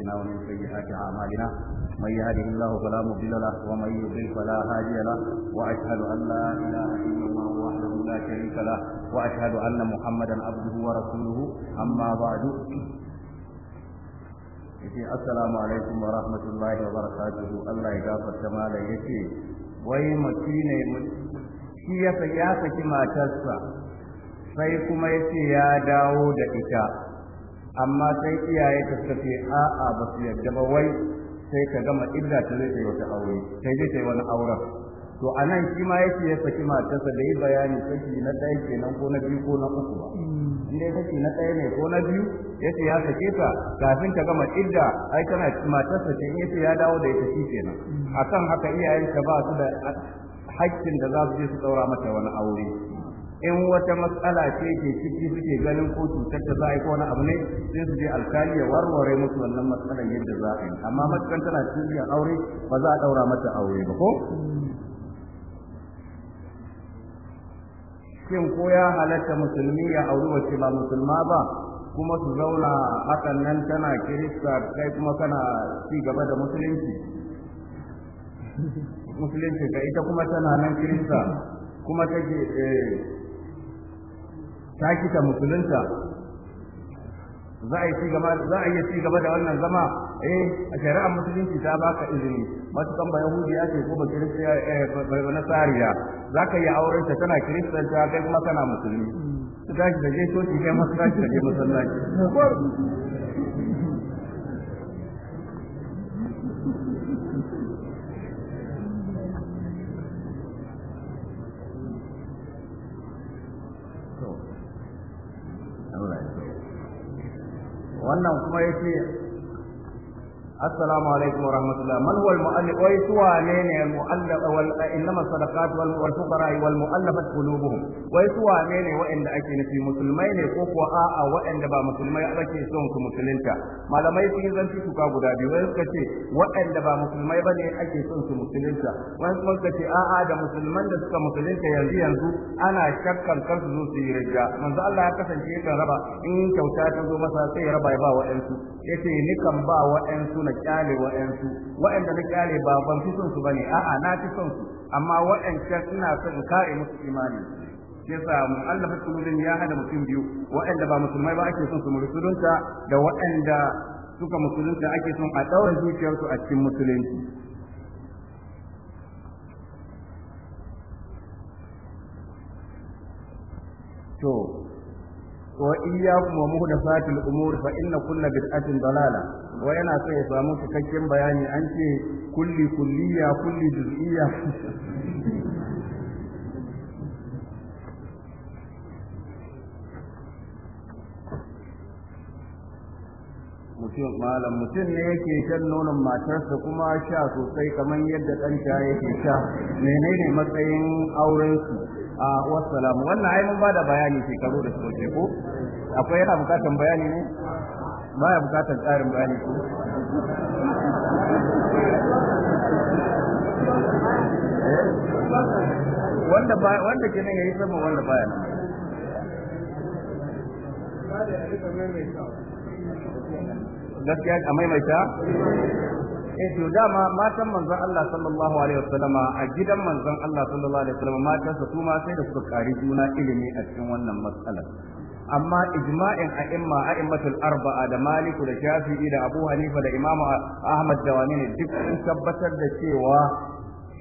أنفسنا ومن سيئات أعمالنا من يهده الله فلا مضل له ومن يضلل فلا هادي له وأشهد أن لا إله إلا الله وحده لا شريك له وأشهد أن محمدا عبده ورسوله أما بعد ya gafarta malai yace wai mace saki matarsa sai kuma yace ya dawo da ita amma sai iyaye ta tafi a'a ba su yarda ba wai sai ka gama idda ta zai ta wata aure sai zai ta wani auren to a nan shi ma yake ya saki matarsa da yi bayani saki na ɗaya kenan ko na biyu ko na uku ba shi dai saki na ɗaya ne ko na biyu ya ce ya sake ta kafin ta gama idda ai tana matarsa ce ce ya dawo da ita shi kenan akan haka iyayen ta ba su da haƙƙin da za su je su ɗaura mata wani aure in wata matsala ce ke ciki suke ganin ko cutar da za a yi ko wani abu ne sai su je alkali ya warware musu wannan matsalar yadda za a yi amma matakan tana cikin aure ba za a daura mata aure ba ko shin ko ya halatta musulmi ya auri wace ba musulma ba kuma su zauna hakan nan tana kirista kai kuma kana ci gaba da musulunci musulunci ka ita kuma tana nan kirista kuma take eh ta musulunta za a iya ci gaba da wannan zama eh a shari'ar musulunci ta baka izini matukan ba ya ce ko ba kiristiya eh, ba na sariya za ka iya auren ta tana kiristanta ta kai kuma kana musulmi su tashi da je coci kai masu tashi da je masallaci wannan kuma yace السلام عليكم ورحمة الله من هو المؤلف ويسوى نين المؤلف إنما الصدقات والفقراء والمؤلفة قلوبهم ويسوى نين وإن أكين في مسلمين كوكو آآ وإن با مسلمين أكي سونك مسلمك ما لما يسي إذن في سكا قدابي ويسكتي وإن با مسلمين بني أكي سونك مسلمك ويسكتي آآ دا مسلمان دا سكا مسلمك ينزي ينزو أنا شكا كنت ذو سيرجا من ذا الله يكسن شيئا ربا إن كوتاتا ذو مسا سيربا يبا وإنسو يتي نكم با وإنسو na kyale wa'ansu wa'anda na kyale ba ban fi son su bane a'a na fi son su amma wa'ancan ina so in kare musu imani yasa mu'allafa kulubin ya hada mutum biyu wayanda ba musulmai ba ake son su musulunta da wa'anda suka musulunta ake son a daura zuciyarsu a cikin musulunci to wa iyyakum wa muhdathatil umur fa inna kulla bid'atin dalala wa yana sai ya samu cikakken bayani an ce kulli kulliya kulli juz'iyya mutum ne yake kan nonon matarsa kuma sha sosai kamar yadda dan yake sha menene matsayin aurensu wassalam wannan ai mun bada bayani shekaru da ke ko akwai yana bukatan bayani ne baya bukatan tsarin bayani ko eh? wanda ba wanda ke nan yayi sama wanda baya gaskiya a maimaita eh to dama matan manzon Allah sallallahu alaihi wasallam a gidan manzon Allah sallallahu alaihi wasallam matan su kuma sai da suka kari juna ilimi a cikin wannan matsalar amma ijma'in a'imma a'immatul arba'a da maliku da shafi'i da abu hanifa da imamu ahmad da wani duk sun tabbatar da cewa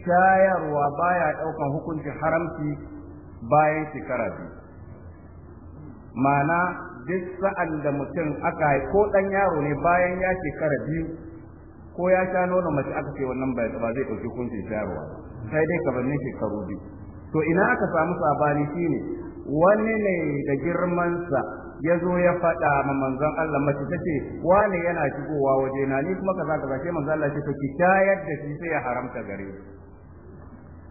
shayarwa baya daukan hukunci haramci bayan shekara ma'ana duk sa'an da mutum aka ko dan yaro ne bayan ya shekara biyu ko ya sha nono mace aka ce wannan ba zai ɗauki hukuncin shayarwa sai dai kabannin shekaru biyu to ina aka samu sabani shine wani ne da girmansa ya zo ya faɗa ma manzon Allah mace ta ce wane yana shigowa waje na ni kuma kaza kaza sai manzon Allah ce ta ki da shi sai ya haramta gare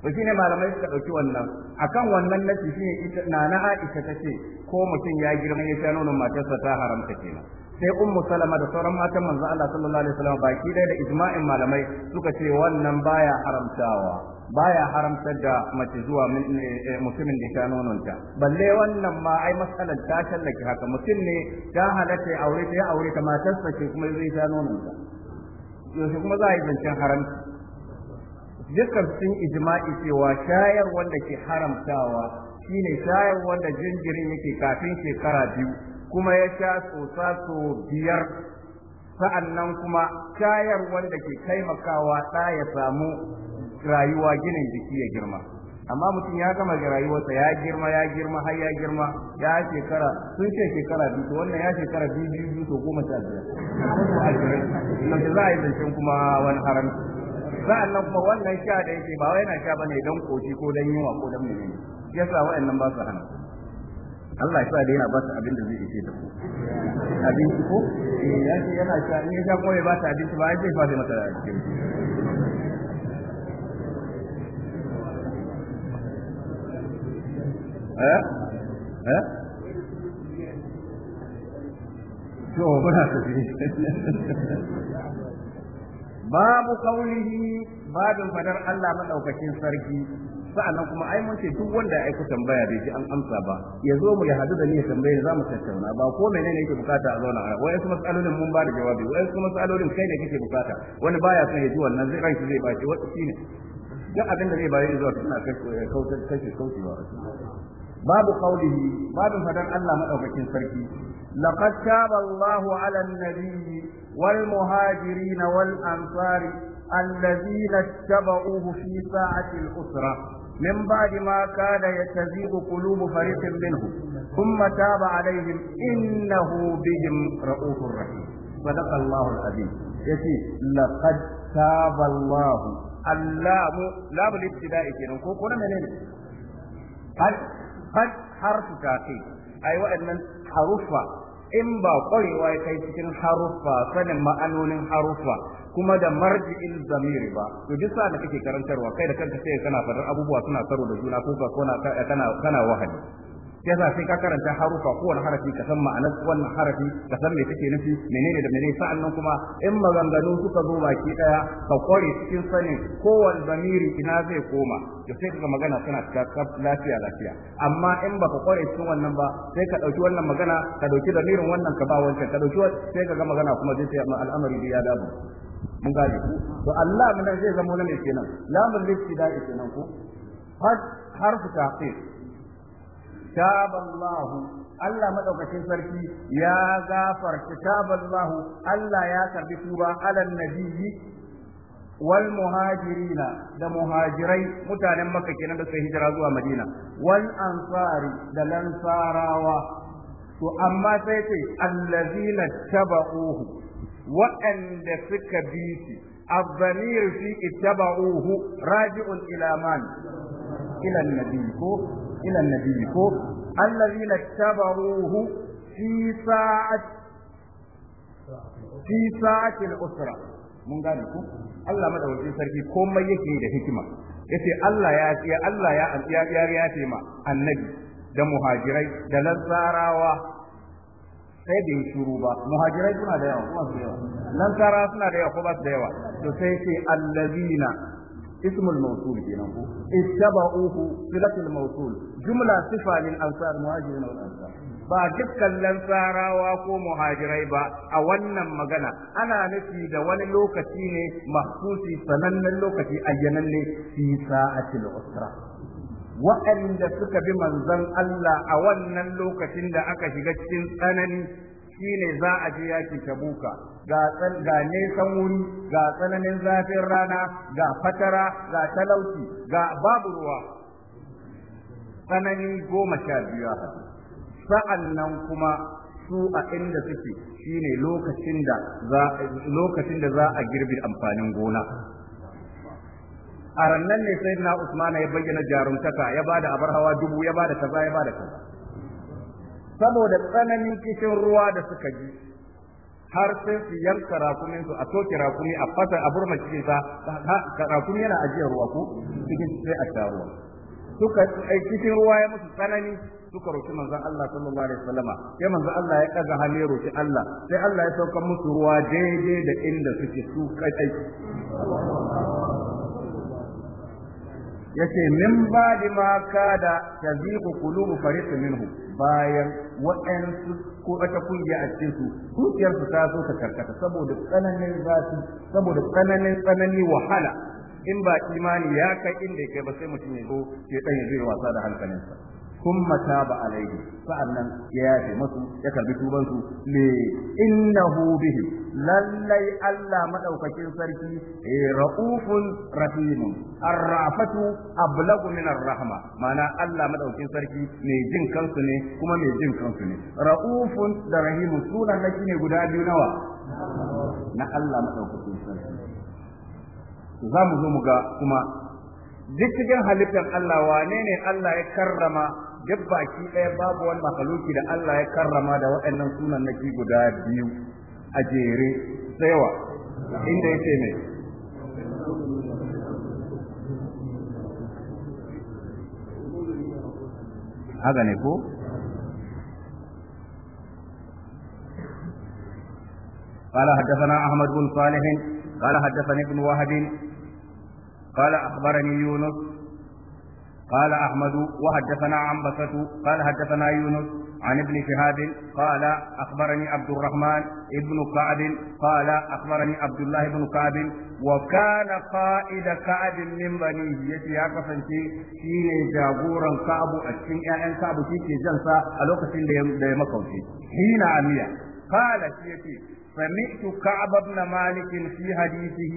to shine malamai suka ɗauki wannan akan wannan nace shine ita nana Aisha ta ce ko mutum ya girma ya sha nonon matarsa ta haramta kenan sai ummu salama da sauran matan manzo Allah sallallahu alaihi wasallam baki ɗaya da ijma'in malamai suka ce wannan baya haramtawa baya haramtar da mace zuwa eh, eh, mutumin da ta nononta balle wannan ma ai matsalar ta shallake haka mutum ne ta halatta ya aure ta ya aure ta matarsa ce kuma zai ta nononta yaushe kuma za a yi zancen haramci dukkan sun ijma'i cewa shayar wanda ke haramtawa shine shayar wanda jinjirin yake kafin shekara biyu kuma ya sha tsotsa so biyar sa'annan kuma shayar wanda ke taimakawa ta ya samu rayuwa ginin jiki ya girma amma mutum ya gama rayuwarsa ya girma ya girma har ya girma ya shekara sun ce shekara biyu to wannan ya shekara biyu biyu biyu to goma sha biyar yanzu za a yi zancen kuma wani haram sa'annan kuma wannan sha da yake ba wai yana sha bane don koshi ko don yunwa ko don menene yasa wa'annan ba su hana Allah ya sa da yana ba ta abin da zai ishe ta abinci ko eh ya ce yana sha in ya sha ko ya ba ta abinci ba ya ce fa zai mata abinci eh eh to ba ta babu kaulihi babin fadar Allah madaukakin sarki sa'annan kuma ai mun ce duk wanda ya aika tambaya bai ji an amsa ba ya zo mu ya hadu da ni ya tambaye za mu tattauna ba ko menene yake bukata a zauna wai wasu matsalolin mun ba da jawabi wai wasu matsalolin kai ne kake bukata wani baya son ya ji wannan zai ranki zai bace wata shine duk abin da zai bayar zuwa suna eh, kashe kashe ba. babu qaulihi babu fadan Allah madaukakin sarki laqad taba Allahu 'ala an-nabiyyi wal muhajirin wal ansari الذين اتبعوه في ساعة الأسرة من بعد ما كاد يتزيغ قلوب فريق منهم ثم تاب عليهم إنه بهم رؤوف رحيم صدق الله العظيم يتي لقد تاب الله اللام لام الابتداء كينن كو كنا منين قد قد حرف تعقيب أي أيوة وأن حرفا in ba kwarewa ya kai cikin haruffa sanin ma'anonin haruffa kuma da marji'in zamiri ba to duk sa da kake karantarwa kai da kanka sai kana fadar abubuwa suna saro da juna ko ko na kana kana wahali yasa sai ka karanta harufa ko wani harafi ka san ma'anar wannan harafi ka san me take nufi menene da menene sa'annan kuma in maganganu suka zo baki daya ka kware cikin sanin kowanne zamiri ina zai koma to sai ka magana suna cika lafiya lafiya amma in ka kware cikin wannan ba sai ka dauki wannan magana ka dauki zamirin wannan ka ba wancan ka dauki sai ka ga magana kuma zai al'amari ya dabu mun gane ku to Allah mun zai zama wani mai kenan lamun rifti da kenan ku harfu tafsir taballahu Allah madaukakin sarki ya gafarta taballahu Allah ya karbi tuba alan nabiyyi wal muhajirina da muhajirai mutanen makka kenan da suka hijira zuwa madina wal ansari da lansarawa to amma sai ce allazina tabauhu waɗanda suka bi shi abaniyar shi ittaba uhu raji'un ila man ila nabi ko ila nabi ko allazina tabaruhu fi sa'at fi sa'at al mun gane ku Allah madawaci sarki komai yake da hikima yace Allah ya ce Allah ya ya ya ce ma annabi da muhajirai da nasarawa sai bai shuru ba muhajirai suna da yawa kuma da yawa nan kara suna da yawa kuma su da yawa to sai ce allazina ismul mawsul kenan ko ittaba'uhu silatul mawsul jumla sifa lil ansar muhajirin wal ansar ba dukkan lansarawa ko muhajirai ba a wannan magana ana nufi da wani lokaci ne mahsusi sanannen lokaci ayyananne fi sa'atil usra waɗanda suka bi manzon Allah a wannan lokacin da aka shiga cikin tsanani shine za a je yaki tabuka ga ga nesan wuri ga tsananin zafin rana ga fatara ga talauci ga babu ruwa tsanani goma sha biyu sa'an nan kuma su a inda suke shine lokacin da za lokacin da za a girbi amfanin gona a rannan ne sai na Usman ya bayyana jarumtaka ya bada abar hawa dubu ya bada kaza ya bada kaza saboda tsananin kishin ruwa da suka ji har sai su yanka rakumin su a soke rakumi a fasa a burma cikin sa rakumi yana ajiyar ruwa ko cikin sai a sha ruwa suka kishin ruwa ya musu tsanani suka roki manzon Allah sallallahu alaihi wasallama sai manzon Allah ya kaga hannu roki Allah sai Allah ya sauka musu ruwa daidai da inda suke su kai yace min ba'di ma da taziqu qulubu fariqin minhu bayan waɗansu ko wata kungiya a cikin su zuciyar su ta zo ta karkata saboda tsananin zafi saboda tsananin tsanani wahala in ba imani ya kai inda yake ba sai mutum ya zo ya dan ya wasa da hankalinsa kun mata ba a laifi sa’an nan ya yafe masu ya karbi tubansu ne ina hobi lallai Allah maɗaukakin sarki a eh, ra’ufun rahimun a rafatu a bulaguni na rahama mana Allah maɗaukakin sarki ne jin kansu ne kuma mai jin kansu ne ra’ufun da rahimun suna laki ne guda biyu nawa na Allah maɗaukakin sarki za mu zo mu ga kuma Duk cikin halittar Allah wa ne Allah ya karrama duk baki ɗaya babu wani makaluki da Allah ya karrama da waɗannan sunan naki guda biyu a jere tsayawa inda yake ne haka ne ko قال حدثنا أحمد بن صالح قال حدثني ابن وهب قال أخبرني يونس قال أحمد وحدثنا عن بسة قال حدثنا يونس عن ابن شهاب قال أخبرني عبد الرحمن ابن كعب قال أخبرني عبد الله بن كعب وكان قائد كعب من بنيه يتي يا كفنتي شيني جابورا كعب أتشين أن كعب شيكي جنسا ألوكسين دي مكوتي حين عمية قال شيكي سمعت كعب بن مالك في حديثه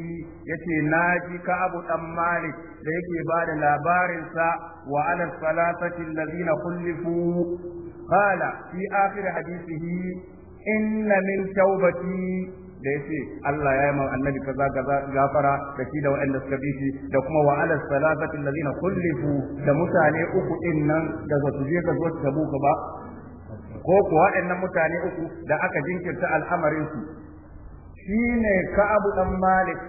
يتي ناجي كعب بن مالك ليكي بعد لابارنسا وعلى الثلاثة الذين خلفوا قال في آخر حديثه إن من توبتي da yace Allah ya yi ma annabi kaza kaza gafara da shi da waɗanda suka bi da kuma wahalar ala salatati allazina kullifu da mutane uku din nan da su je ka zo buka ba ko kuwa waɗannan mutane uku da aka jinkirta al'amarin su shine ka'abu dan Malik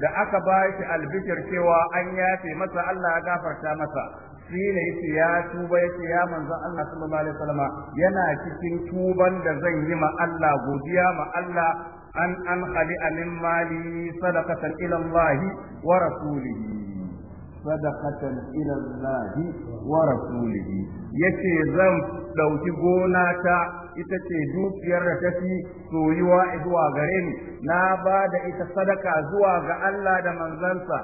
da aka ba shi albishir cewa an yafe masa Allah ya gafarta masa shine yace ya tuba yace ya manzo Allah sallallahu alaihi wasallam yana cikin tuban da zan yi ma Allah godiya ma Allah an an khali min mali sadaqatan ila Allah wa rasulihi sadaqatan ila Allah wa rasulihi yace zan ɗauki gona ta ita ce dukiyar da ta fi soyuwa zuwa gare ni na ba da ita sadaka zuwa ga Allah da manzansa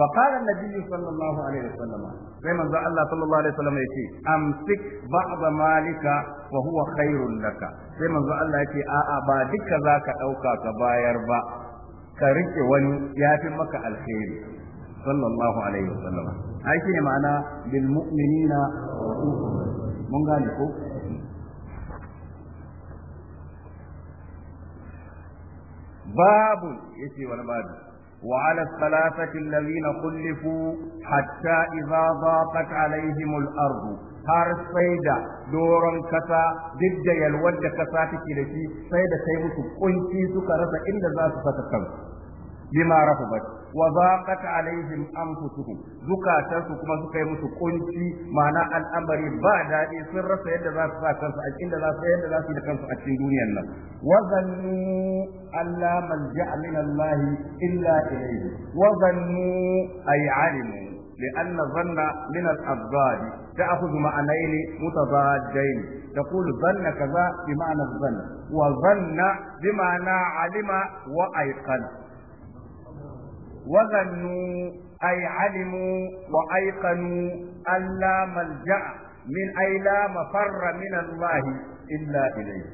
فقال النبي صلى الله عليه وسلم كما قال الله صلى الله عليه وسلم يتي امسك بعض مالك وهو خير لك كما قال الله يتي ا ا با دكا زaka dauka ka bayar ba ka rike wani yafi maka alkhairi sallallahu alaihi wasallam ai ne ma'ana bil mu'minina mun gane ko babu yace wani babu salafati الثلاثة الذين hatta حتى daqat alaihim al-ard har sai da doron kasa duk da yalwar kasa take da shi sai da sai musu kunci suka rasa inda za su saka kansu bima rafu wa baqat alaihim anfusuhum zukatan su kuma suka yi musu kunci ma'ana al'amari ba dadi sun rasa yadda za su sa kansu a cikin da za su yadda za su yi da kansu a cikin duniyar nan wa zannu alla malja'a min Allah illa ilayhi wa zannu ay alimu لأن الظن من الأضداد تأخذ معنين متضادين تقول ظن كذا بمعنى الظن وظن بمعنى علم وأيقن وظنوا أي علموا وأيقنوا أن لا ملجأ من أي لا مفر من الله إلا إليه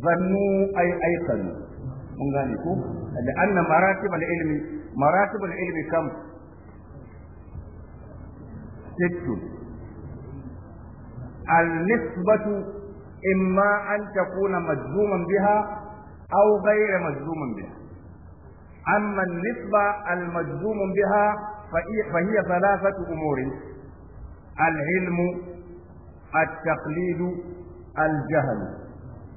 ظنوا أي أيقنوا من ذلك لأن مراتب العلم مراتب العلم كم ست النسبة إما أن تكون مجزوما بها أو غير مجزوما بها أما النسبة المجزوم بها فهي ثلاثة أمور العلم التقليد الجهل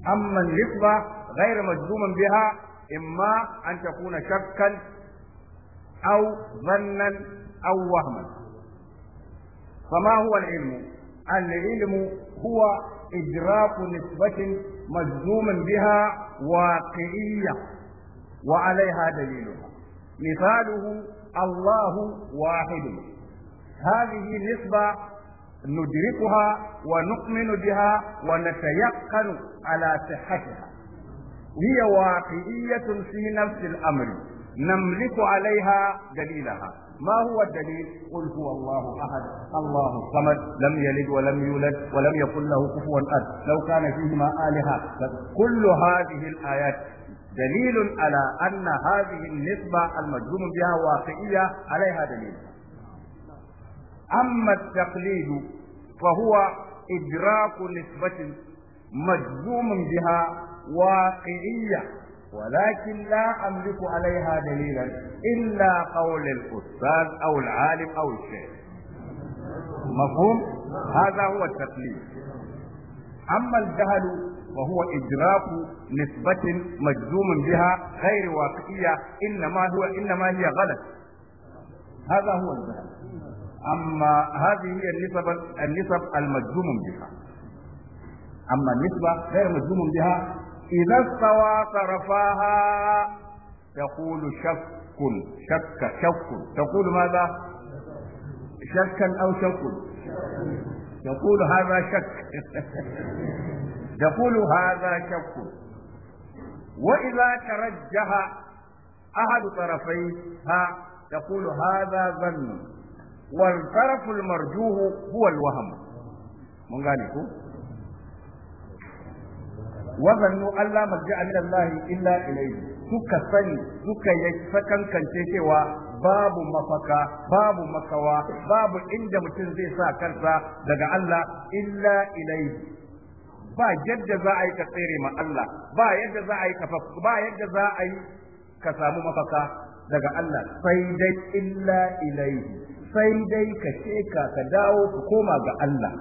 أما النسبة غير مجزوم بها إما أن تكون شكا أو ظنا أو وهما فما هو العلم؟ العلم هو إدراك نسبة مجزوم بها واقعية وعليها دليلها مثاله الله واحد هذه نسبة ندركها ونؤمن بها ونتيقن على صحتها هي واقعية في نفس الأمر نملك عليها دليلها ما هو الدليل قل هو الله أحد الله الصمد لم يلد ولم يولد ولم يكن له كفوا أحد لو كان فيهما آلهة كل هذه الآيات دليل على أن هذه النسبة المجزوم بها واقعية عليها دليل أما التقليد فهو إدراك نسبة مجزوم بها واقعية ولكن لا أملك عليها دليلا إلا قول الأستاذ أو العالم أو الشيخ مفهوم؟ هذا هو التقليد أما الجهل وهو إدراك نسبة مجزوم بها غير واقعية إنما هو إنما هي غلط هذا هو الذهب أما هذه هي النسب النسب المجزوم بها أما النسبة غير مجزوم بها إذا استوى طرفاها تقول شك شك شك تقول ماذا شكا أو شك تقول هذا شك دخول هذا شك وإذا ترجح أحد طرفيها تقول هذا ظن والطرف المرجوه هو الوهم من قال وظنوا أن مرجع من الله إلا إليه suka sani suka yi sakankance cewa babu mafaka babu makawa babu inda mutum zai sa kansa daga Allah illa ilaihi ba yadda za a yi ka tsere ma Allah ba yadda za a yi ba yadda za a yi ka samu mafaka daga Allah sai dai illa ilaihi sai dai ka sheka ka dawo ka koma ga Allah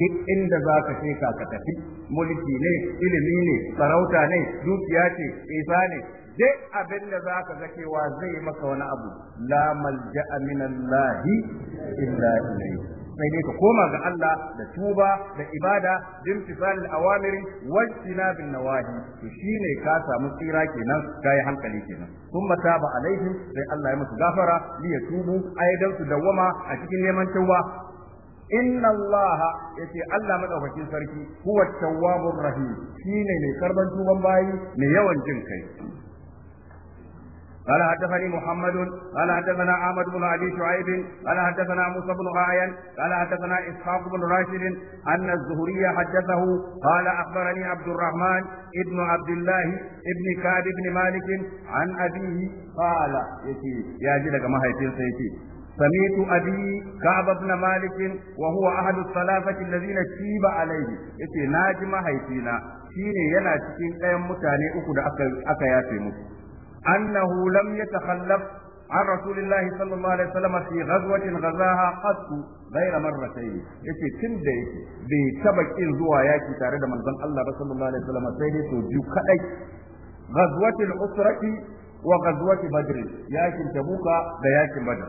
duk inda za ka sheka ka tafi mulki ne ilimi ne sarauta ne dukiya ce isa ne duk abin da za ka ga cewa zai maka wani abu la malja'a min Allah illa ilaihi sai dai ka koma ga Allah da tuba da ibada din tisalil awamiri wajtina bin nawahi to shine ka samu tsira kenan kai hankali kenan thumma taba alaihim sai Allah ya musu gafara li yatubu ayyadan su dawama a cikin neman tauba inna Allah yace Allah madaukakin sarki huwa tawwabur rahim shine mai karban tuban bayi mai yawan jin kai قال حدثني محمد قال حدثنا احمد بن ابي شعيب قال حدثنا موسى بن غايان قال حدثنا اسحاق بن راشد ان الزهري حدثه قال اخبرني عبد الرحمن ابن عبد الله ابن كعب بن مالك عن ابيه قال يتي يا جدك ما هيتي سميت أبي كعب بن مالك وهو أحد الثلاثة الذين شيب عليه يتي ناجم هيتينا shine yana cikin ɗayan mutane uku da aka yafe musu أنه لم يتخلف عن رسول الله صلى الله عليه وسلم في غزوة غزاها قط غير مرتين yace tun da yake bai taba kin zuwa yaki tare da manzon Allah ba sallallahu alaihi wasallam sai dai so biyu kadai ghazwatul usrati wa ghazwati badr yakin tabuka da yakin badr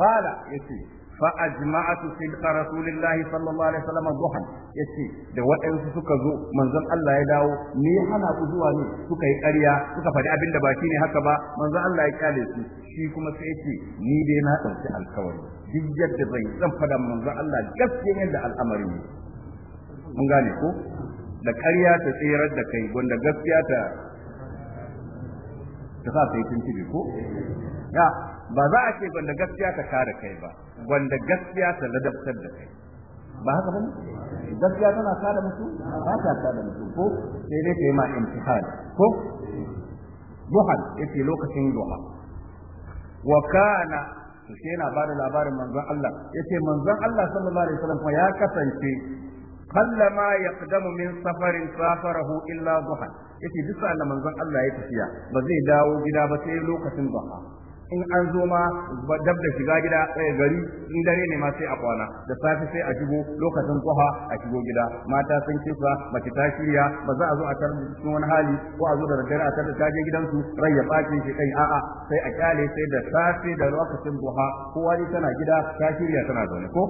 qala yace fa صدق رسول rasulillahi sallallahu alaihi wasallam duha yace da waɗansu suka zo manzon Allah ya dawo ni ya hana ku zuwa ne suka yi ƙarya suka faɗi abin da ba shi ne haka ba manzon Allah ya kale su shi kuma sai yace ni dai na ɗauki alkawari duk yadda zai zan faɗa manzon Allah gaskiya da al'amari ne mun gane ko da ƙarya ta tsirar da kai wanda gaskiya ta ta sa yi tuntubi ko ya ba za a ce gwanda gaskiya ta kare kai ba gwanda gaskiya ta ladabtar da kai ba haka ba gaskiya tana kare musu? ba ta kare musu. ko sai dai ta yi ma imtihan ko duhan yace lokacin duha wa kana to sai yana da labarin manzon Allah yace manzon Allah sallallahu alaihi wasallam ya kasance kallama yaqdamu min safarin safarahu illa duhan yace duk sa'an manzon Allah ya tafiya ba zai dawo gida ba sai lokacin duha in an zo ma dab da shiga gida ɗaya gari in dare ne ma sai a kwana da safe sai a shigo lokacin kwaha a shigo gida mata sun kisa mace ta shirya ba za a zo a tar cikin wani hali ko a zo da daddare a tar ta je gidansu rai ya shi kai a'a sai a kyale sai da safe da lokacin kwaha kowa tana gida ta shirya tana zaune ko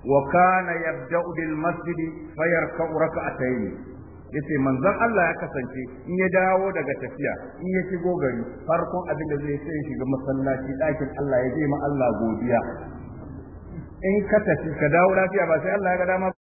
وكان يبدأ بالمسجد فيركع ركعتين yace manzon Allah ya kasance in ya dawo daga tafiya in ya shigo gari farkon abin da zai sai shiga masallaci ɗakin Allah ya je ma Allah godiya in ka tafi ka dawo lafiya ba sai Allah ya ga dama